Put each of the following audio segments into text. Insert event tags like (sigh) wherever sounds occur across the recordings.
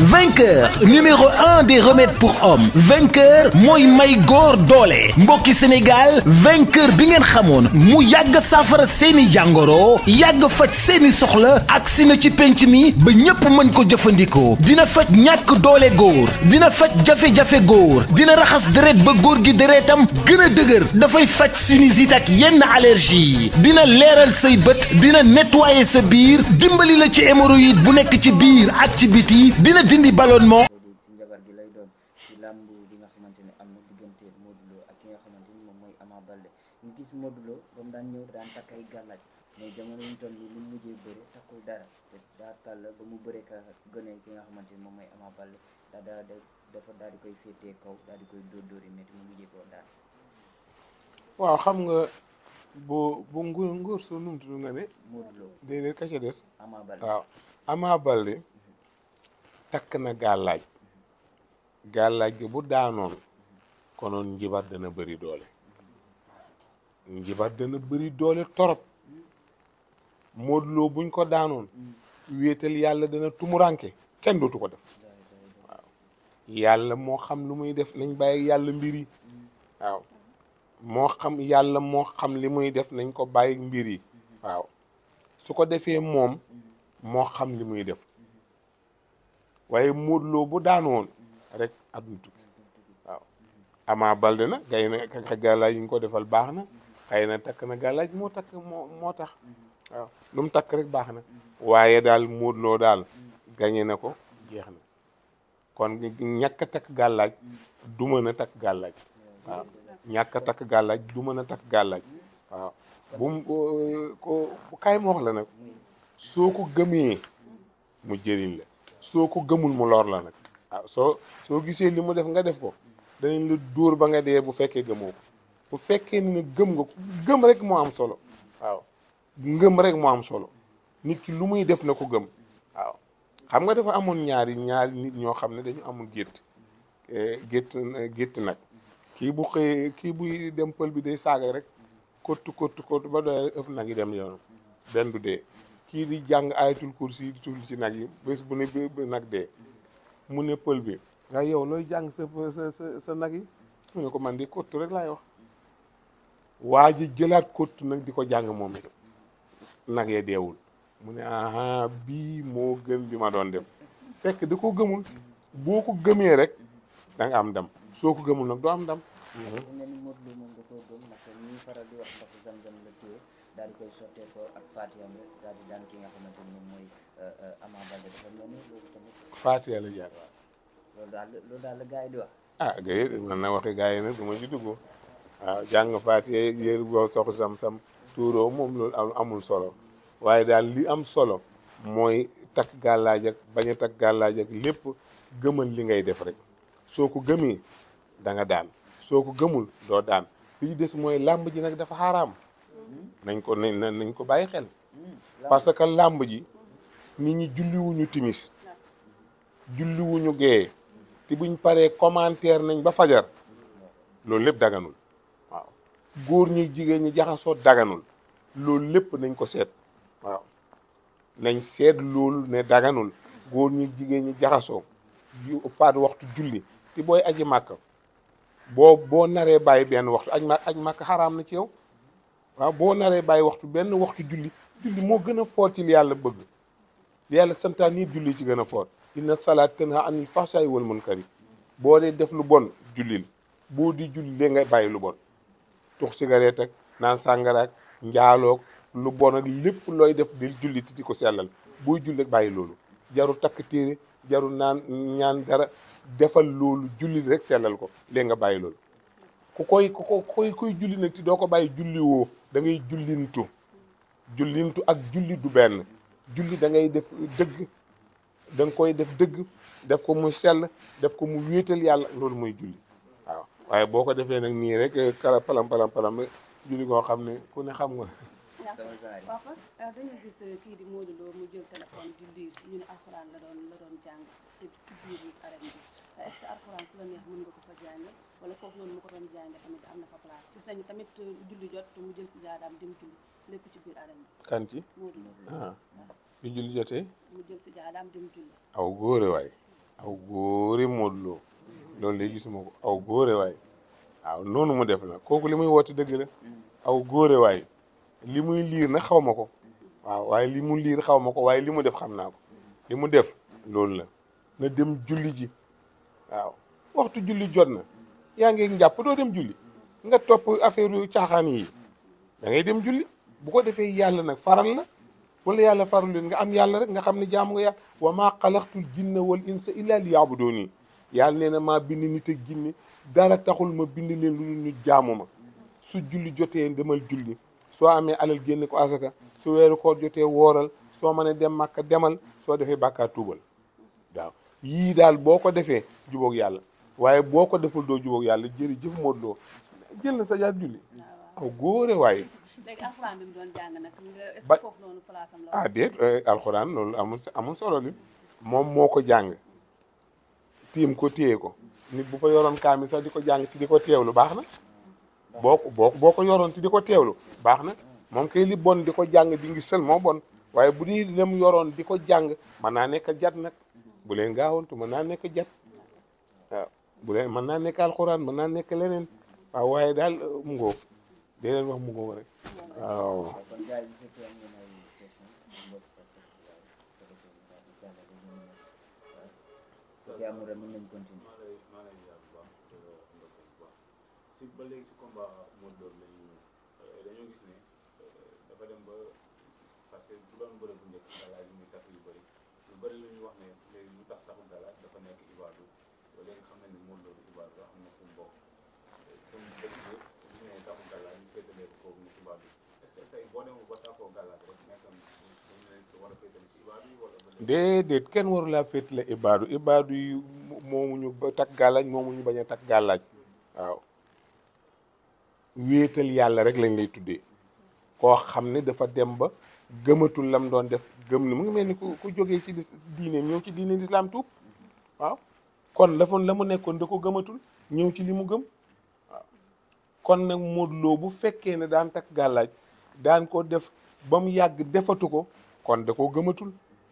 vainqueur numéro un des remèdes pour hommes vainqueur mooy may góor doole mbokki Sénégal vainqueur bi ngeen xamoon mu yàgg saafara seeni jàngoro yàgg faj seeni soxla ak si na ci penc mi ba ñépp mën ko jëfandikoo dina faj ñàkk doole góor dina faj jafe-jafe góor dina raxas deret ba góor gi deretam gën a dëgër dafay faj sinusite ak yenn allergie dina leeral say bët dina nettoyer sa biir dimbali la ci hémorroïde bu nekk ci biir ak ci biti dina dindi ballonnement. ci njabar gi lay doon ci làmb bi nga xamante ne am na diggante Modou Lo ak ki nga xamante ni moom mooy amaa Baldé ñu gis Modou Lo ay gàllaaj mais jamono mu mujjee bëre takkul dara ba mu bëree ki nga xamante ni moom mooy Ama Baldé dafa daal di koy féete kaw daal di koy dóor dóori métti mu mujjee koo daan. waaw xam nga bu bu nguur nguur su numtu nga ne. Modou Lo déedéet ka ca des. waaw Ama Baldé. takk na gàllaaj gàllaaj gi bu daanoon konoon njibat dana bëri doole njibat dana bari doole torop Modou Lo buñ ko daanoon wéetal yàlla dana tumuraanke kenn dootu ko def waaw moo xam lu muy def nañ bàyyi yàlla mbir yi waaw xam yàlla moo xam li muy def nañ ko bàyyi mbir yi waaw ko defee moom moo xam li muy def waaye Modou loo bu daan woon rek àdduna tukki waaw Ama Balde na gay na gàllaaj yi ñu ko defal baax na xëy na takk na gàllaaj moo takk moo tax waaw lu takk rek baax na waaye daal Modou Lo daal gañe na ko jeex na kon ñakk a takk gàllaaj du mën a takk gàllaaj waaw ñàkk a takk gàllaaj du mën a takk gàllaaj waaw bu ko kaay ma la nag soo ko gëmee mu jëriñ la soo ko gëmul mu loor la nag ah, soo soo gisee li mu def nga def ko danañ la dóor ba nga dee bu fekkee gëmoo bu fekkee ne gëm nga gëm rek moo am solo waaw rek moo am solo nit ki lu muy def na ko gëm waaw xam nga dafa amoon ñaari ñaari nit ñoo xam ne dañu amul gétt eh, gétt gétt nag kii bu xëyee kii buy dem pël bi day saaga rek kottu kottu kottu ba doy ëf na ngi dem yoonam benn du dee kii di jàng ayatul kursi di si ci nag yi bés bu ba nag dee mu ne pël bi waaye yow looy jàng sa sa sa nag ko man di kottu rek laay wax waa ji jëlaat kottu nag di ko jàng moom it nag ye deewul mu ne aha bii moo gën bi ma doon def fekk di ko gëmul boo ko gëmee rek da am ndam soo ko gëmul nag doo am ndam. daal ko ak Fatia am rek daal di daan ki nga xamante ni moom mooy euh, euh, Ama Baldé la jaar waaw. loolu daal la gars yi di wax. ah gars yi man na waxi gars nag du ma ci waaw ah, jàng Fatia yéen boo sox sam-sam tuuroo moom loolu amul solo waaye daal li am solo mooy takk gàllaaj ak bañ a takk gàllaaj ak lépp gëmal li ngay def rek soo ko gëmee da daan soo ko gëmul doo daan li des mooy làmb ji nag dafa xaaraam nañ ko nañ ko bàyyi xel hmm. parce que làmb ji ni ñi julliwuñu timis julliwuñu gee te buñ paree commentaire nañ ba fajar loolu lépp daganul waaw góor ñi jigéen ñi jaxasoo daganul loolu lépp nañ ko seet waaw nañ seet loolu ne daganul góor ñi jigéen ñi jaxasoo faat waxtu julli te booy aji màkk boo boo naree bàyyi benn waxtu aj màkk aj màkk na ci yow waaw boo naree bàyyi waxtu benn waxtu julli julli moo gën a footi li yàlla bëgg li yàlla santaan nii julli ci gën a foot inna salaat tanha anil fahsaa'i wal munkari boo dee def lu bon jullil boo di julli dee nga bàyyi lu bon tux cigarette ak naan sàngaraak njaaloog lu bon ak lépp looy def di julli ti di ko sellal booy julli bàyyi loolu jaru takk téere jaru naan ñaan dara defal loolu julli rek sellal ko léegi nga bàyyi loolu ku koy ku koy koy julli nag ti doo ko bàyyi julli woo da ngay jullintu jullintu ak julli du benn julli da ngay def dëgg da koy def dëgg def ko mu sell def ko mu wéetal yàlla loolu mooy julli waaw waaye boo ko defee nag nii rek eh, kala palam palam palam eh, julli koo xam ne ku ne xam nga. Eh, te est-ce que euh, ah. aw góore waay aw góore Modou Lo loolu léegi gisuma ko aw góore waay waaw noonu mu def la kooku li muy woote dëgg la aw góore waay li muy liir na xaw ma ko waaw waaye li mu liir xaw ma ko waaye li mu def xam naa ko li mu def loolu la na dem julli ji waaw waxtu julli jot na yaa ngi njàpp doo dem julli nga topp affaire caaxaan yi da ngay dem julli bu ko defee yàlla nag faral la wala yàlla faral leen nga am yàlla rek nga xam ne jaamu nga yàlla wa maa xalaqtul jinna wal insa illa li yaabudooni yàlla nee ma maa bind nit ak jinne dara taxul ma bind leen lu ñu jaamu ma su julli jotee demal julli soo amee alal génne ko asaka su weeru koo jotee wooral soo mënee dem màkk demal soo defee bàkkaar yii daal boo ko defee jubóog yàlla waaye boo ko deful doo jubóog yàlla jërëjëf Modou Lo jël na sa jaat julli aw góore waaye. alxuraan bi mu ah, euh, loolu amul amul solo li moom moo ko jàng tiim ko téye ko nit bu fa yoroon kaami sax di ko jàng ti di ko teewlu baax na boo ko boo boo ko yoroon ti di ko teewlu baax na moom kay li bon di ko jàng di ngi sën moo bon waaye bu ñuy dem yoroon di ko jàng mën naa nekk jat nag. bu leen gaawantu mën naa nekk jat waaw bu leen naa nekk alxuraan mën naa nekk leneen waaw waaye daal uh, mu dee leen wax mu ngoog rek waaw. si ba léegi si que bu doon wax dafa nekk ibaadu war déedéet kenn waru laa féetale ibaadu ibaadu yi moomuñu ba takk gàllaaj moomuñu bañ a takk gàllaaj waaw wéetal yàlla rek lañ lay tuddee koo xam ne dafa dem ba gëmatul lam doon def gëm na mu ngi mel ni ku ku jógee ci diine ñëw ci diine lislaam tuub waaw kon la foon la mu nekkoon da ko gëmatul ñëw ci li mu gëm waaw kon nag Modou Lo bu fekkee ne daan takk gàllaaj daan ko def ba mu yàgg defatu ko kon da ko gëmatul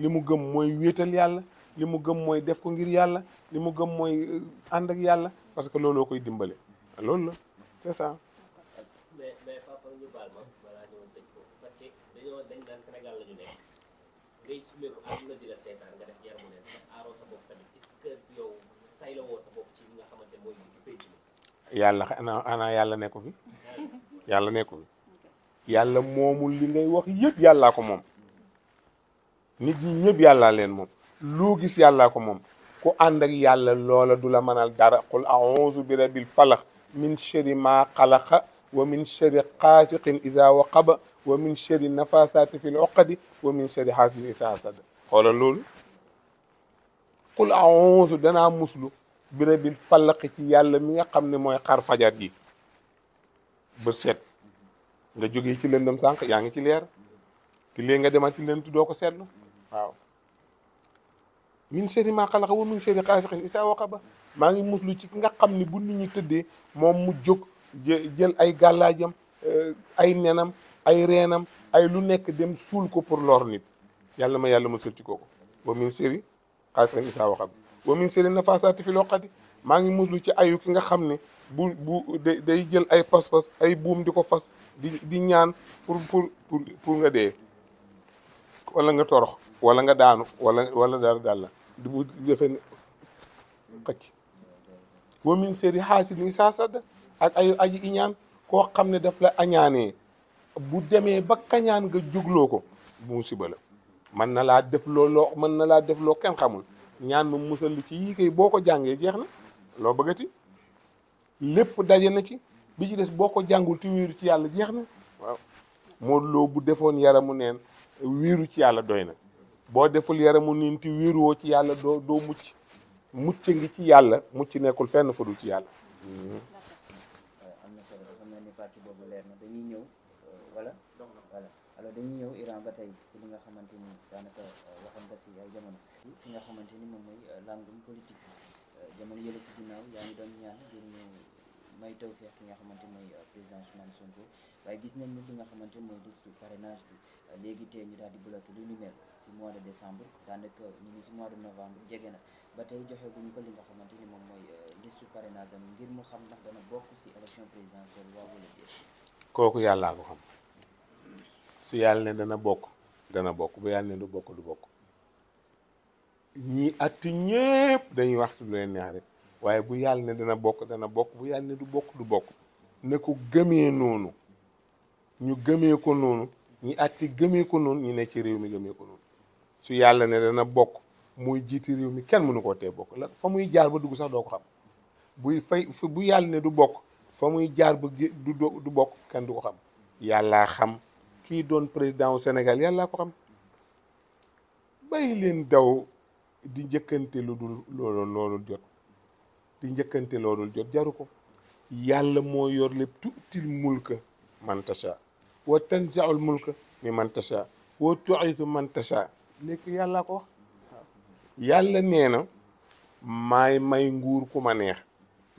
li mu gëm mooy wéetal yàlla li mu gëm mooy def ko ngir yàlla li mu gëm mooy euh, ànd ak yàlla parce que looloo koy dimbale loolu la c'est dañoo dañ daan Sénégal la ñu ne ndax aaroo yàlla ana ana yàlla nekku fi (laughs) moomul li ngay wax yëpp yàllaa ko moom nit ñi ñëpp yàllaa leen moom loo gis yàllaa ko moom ku ànd ak loola du la mënal dara qul a'uuzu bi rabbil falaq min sharri maa xalaqa wa min sharri qaasiqin idaa waqaba wa min sharri nafasaati fil uqadi wa min sharri hasidin iza hasad xoolal loolu qul a'uuzu danaa muslu bi rabbil falaq ci yàlla mi nga xam ne mooy xar fajar gi ba set nga jógee ci lëndëm sànq yaa ngi ci leer te léegi nga demaat ci lënt doo ko seetlu waaw min sharri maa xalaqa wa min sharri gaasiqin izaa waqaba maa ngi muslu ci nga xam ni bu nit ñi tëddee moom mu jóg jël ay gàllaajam euh, ay nenam ay reenam ay lu nekk dem suul ko pour loor nit yàlla ma yàlla musal ci kooku wa min sharri xaasiqin izaa waqab wa min sharri nafaasaati fil uqad maa ngi muslu ci ayu ki nga xam ne bu bu day jël ay pas-pas ay buum di ko fas di di ñaan pour pour pour pour nga dee wala nga torox wala nga daanu wala wala dara daal la di bu defee xëcc wa min sharri haasidin izaa hasad ak ayu aji iñaan koo xam ne daf la añaanee bu demee ba kañaan nga jugloo ko musiba la mën na laa def loo loo mën na laa def loo kenn xamul ñaan ma musal ci yii kay boo ko jàngee jeex na loo bëggati lépp daje na ci bi ci des boo ko jàngul te wéeru ci yàlla jeex na waaw moo loo bu defoon yaramu neen wéeru ci yàlla doy na boo deful yaramu neen te wéeruwoo ci yàlla doo doo mucc mucc ngi ci yàlla mucc nekkul fenn fa du ci yàlla. Euh, dañuy ñëw. wala dañuy ñëw Iran ba tey si li nga xamante ni daanaka euh, waxoon nga si ay jamono fi nga xamante ni moom mooy euh, langum politique bi euh, jamono yële si ginnaaw yaa ngi doon ñaan ngir ñu may taw feex ki nga xamante mooy président Ousmane Sonko waaye gis nañ ni li nga xamante mooy liste parrainage bi léegi tey ñu daal di bloqué lu ni si mois de décembre daanaka ñu ngi si mois de novembre jege na ba tey joxe guñu li nga xamante ni moom mooy liste parrainage am ngir mu xam ndax dana bokk si élection présidentielle waaw wala déet kooku yàllaa ko xam su yàlla ne dana bokk dana bokk bu yàlla du bokk du bokk ñii atti dañuy wax ci lu waaye bu yàlla ne dana bokk dana bokk bu yàlla du bokk du bokk ne ko gëmee noonu ñu gëmee noonu ñi atti gëmee noonu ñu ne ci réew mi gëmee ko yàlla ne dana bokk muy jiiti réew mi kenn mënu ko tee bokk fa muy jaar ba dugg sax doo ko xam buy fay bu yàlla ne du bokk fa muy jaar ba du bokk kenn du ko xam yàllaa xam kii doon président wu Sénégal yàlla ko xam bàyyi leen daw di njëkkante lu dul loolu loolu jot di njëkkante loolu jot jaru ko yàlla moo yor lépp tuutil mulka man tasha wa tanzaul mulka mi man tasha wa tuitu man tasha léegi yàlla ko wax yàlla nee na maay may nguur ku ma neex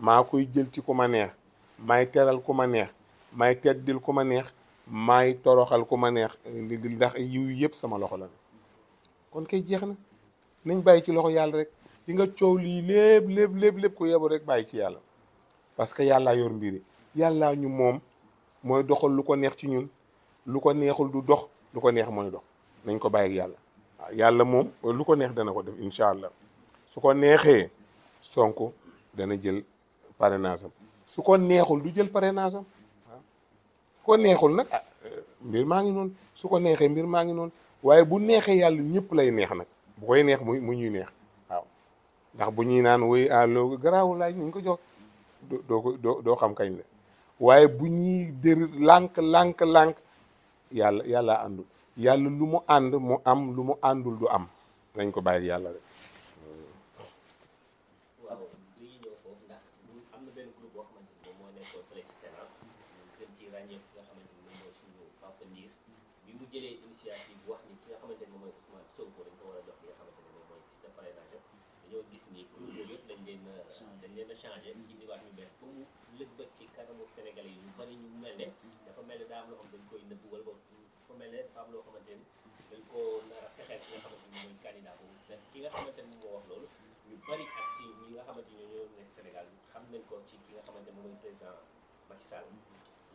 maa koy jël ci ku ma neex maay teral ku ma neex maay teddil ku ma neex maay toroxal ku ma neex li ndax yiw yëpp sama loxo la kon kay jeex na nañ bàyyi ci loxo yàlla rek li nga coow lii lépp lépp lépp lépp ku yebu rek bàyyi ci yàlla parce que yàllaa yor mbiri yàllaa ñu moom mooy doxal lu ko neex ci ñun lu ko neexul du dox lu ko neex mooy dox nañ ko bàyyi yàlla ah, yàlla moom lu ko neex dana ko def incha allah su ko neexee Sonko dana jël parrainage neexul du jël parrainage am ko neexul nag ah mbir maa ngi noonu su ko neexee mbir maa ngi noonu waaye bu neexee yàlla ñëpp lay neex nag bu koy neex muy mu ñuy neex waaw ndax bu ñuy naan woy àllo garaawu laaj nañ ko jox doo ko doo doo xam kañ la waaye bu ñuy dër lànk lànk lànk yàlla yàlla àndul yàlla lu mu ànd mu am lu mu àndul du am nañ ko bàyyi yàlla rek ràññee ki nga xamante ni moom mooy suñu Papa Ndir bi mu jëlee initiative wax ni ki nga xamante ni moom mooy ko war a jox li nga xamante ni moom ni kuréel yëpp dañ leen a dañ leen a changé indiwaat ñu bees ba mu lëkkat ci kanamu Sénégalais dafa mel ne daa am loo xam dañ koy nëbb wala ba dafa mel ne dafa ki nga xamante ni te ki nga xamante wax loolu ñu bari ak ci ñi nga xamante ni ñoo nekk Sénégal xam nañ ko ci ki nga xamante ni moom mooy président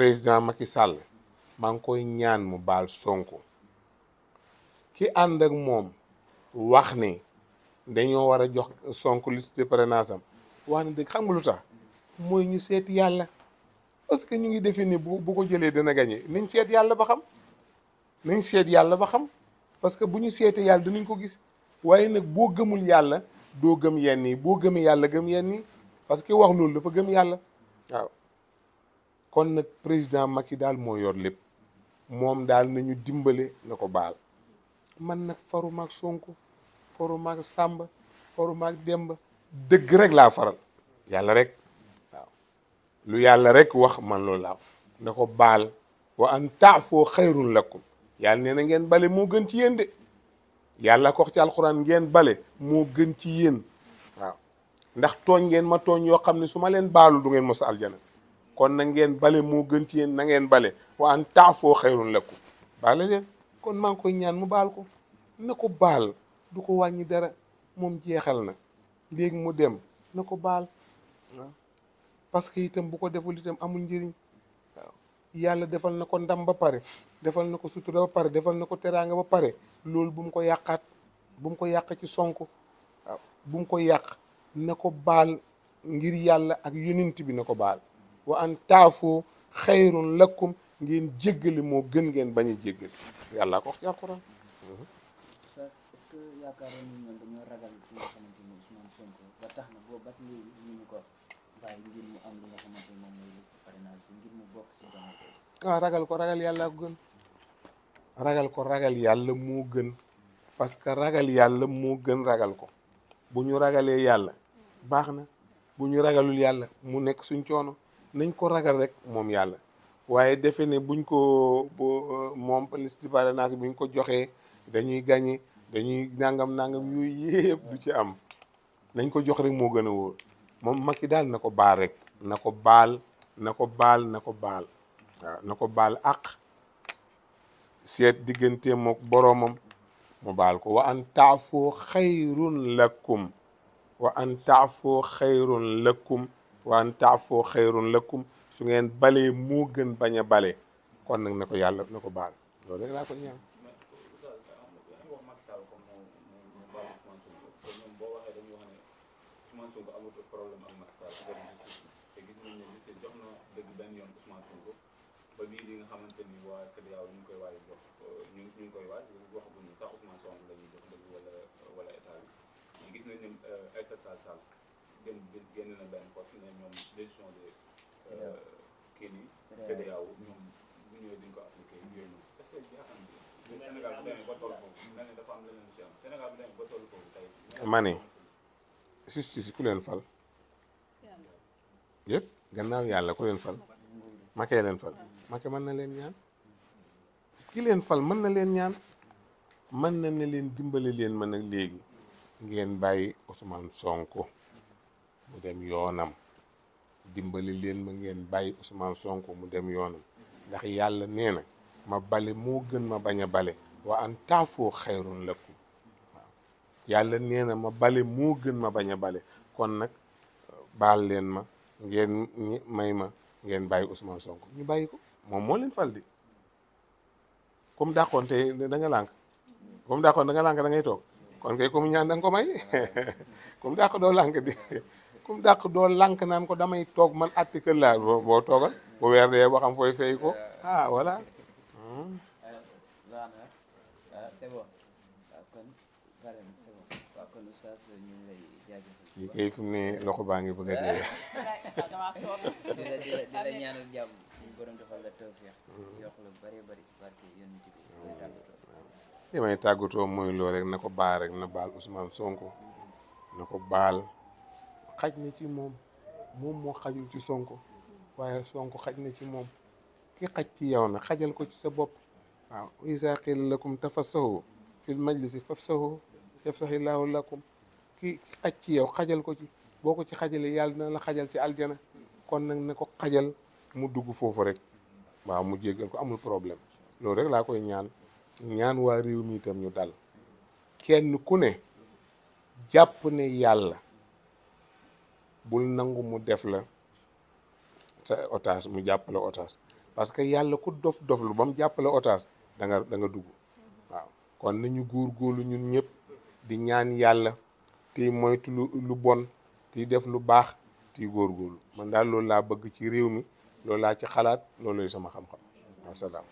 président Macky Sall maa ngi koy ñaan mu baal sonk ki ànd ak moom wax ni dañoo war a jox sonk liste de parrainage am wax ni dëgg xam nga lu tax mooy ñu seet yàlla parce que ñu ngi défini bu bu ko jëlee dana gagné nañ seet yàlla ba xam nañ seet yàlla ba xam parce que bu ñu seetee yàlla dinañ ko gis waaye nag boo gëmul yàlla doo gëm yenn boo gëmee yàlla gëm yenn yi parce que wax loolu dafa gëm yàlla waaw. kon nag président Macky daal moo yor lépp moom daal nañu dimbale na ko baal man nag faru mag Sonko faru mag Samba faru maag Demba dëgg rek laa faral yàlla rek waaw lu yàlla rek wax man loolu laa na ko baal wa an taafoo xayrun lakum yàlla nee na ngeen bale moo gën ci yeen de yàlla ko ci alxuraan ngeen bale moo gën ci yéen waaw ndax tooñ ngeen ma tooñ yoo xam ne su ma leen baalu du ngeen mos aljana kon na ngeen bale moo gën ci yéen na ngeen bale wa an taafoo xayrun lakum baale leen kon maa ngi koy ñaan mu baal ko na ko baal du ko wàññi dara moom jeexal na léegi mu dem na ko baal parce que itam bu ko deful itam amul njëriñ yàlla defal na ko ndam ba pare defal na ko sutura ba pare defal na ko teraanga ba pare loolu bu ko yàqaat bu ko yàq ci sonk bum ko yàq na ko baal ngir yàlla ak yonent bi na ko baal wa an taafu xayrun lakum ngeen jéggali moo gën ngeen bañ a jéggali ko wax ci alquran ragal tax na boo bat ko ah, ragal ko ragal yàlla ko gën ragal ko ragal yàlla moo gën parce que ragal yàlla moo gën ragal ko bu ñu ragalee yàlla baax na bu ñu ragalul yàlla mu nekk suñ coono nañ ko ragal rek moom yàlla waaye defe ne buñ ko moom liste parrainage buñ ko joxee dañuy gagné dañuy nangam nangam yooyu yëpp du ci am nañ ko jox rek moo gën a wóor moom Macky daal na ko baal rek na ko baal na ko baal na ko baal waaw na ko baal àq seet diggante mook boroomam mu baal ko wa an taafoo xayrun lakum wa an taafoo xayrun lakum wa an taafoo xayrun lakum su ngeen bale moo gën bañ a bale kon nag na ko yàlla na ko baal loolu rek laa ko ñaan Aïssata Tall Sall génn génn na ku leen fal. yëpp gannaaw yàlla ku leen fal. makee leen fal make mën na leen ñaan. ki leen fal man na leen ñaan. mën na ne leen dimbale leen mën a léegi ngeen bàyyi Ousmane Sonko. mu dem yoonam dimbali leen ma ngeen bàyyi Ousmane Sonko mu dem yoonam ndax yàlla nee na ma bale moo gën ma bañ a bale wa an taafoo xayrun lakum waaw yàlla ma bale moo gën ma bañ a bale kon nag baal leen ma ngeen may ma ngeen bàyyi Ousmane Sonko ñu bàyyi ko moom moo leen fal di comme dàqoon te da nga lànk comme dàqoon da nga lànk da ngay toog kon kay ñaan da ko may (laughs) comme dàq doo lànk di comme dàq doo lànk naan ko damay toog man atti kër laa boo toogal bu weer dee boo fooy fay ko ah voilà yi hmm. kay ne loxo baa ngi bëgg dee. di la di la tàggatoo mooy rek na ko baal rek na baal Ousmane Sonko na ko baal xaj na ci moom moom moo xajul ci Sonko waaye Sonko xaj na ci moom ki xaj ci yow na xajal ko ci sa bopp waaw isa qila lakum tafassahu fil majlisi fafsahu yafsahillahu lakum ki ki xaj ci yow xajal ko ci boo ko ci xajalee yàlla dina la xajal ci aljana kon nag na ko xajal mu dugg foofu rek waaw mu jéggal ko amul problème loolu rek laa koy ñaan ñaan waa réew mi ñu dal kenn ku ne jàpp ne yàlla bul nangu mu def la sa otage mu jàppale otage parce que yàlla ku dof dof lu ba mu jàppale otage da nga da nga dugg waaw kon góor lu ñun ñëpp di ñaan yàlla tey moytu lu bon tey def lu baax tey góorgóorlu man daal loolu laa bëgg ci réew mi loolu laa ci xalaat loolu lay sama xam-xam wasalaam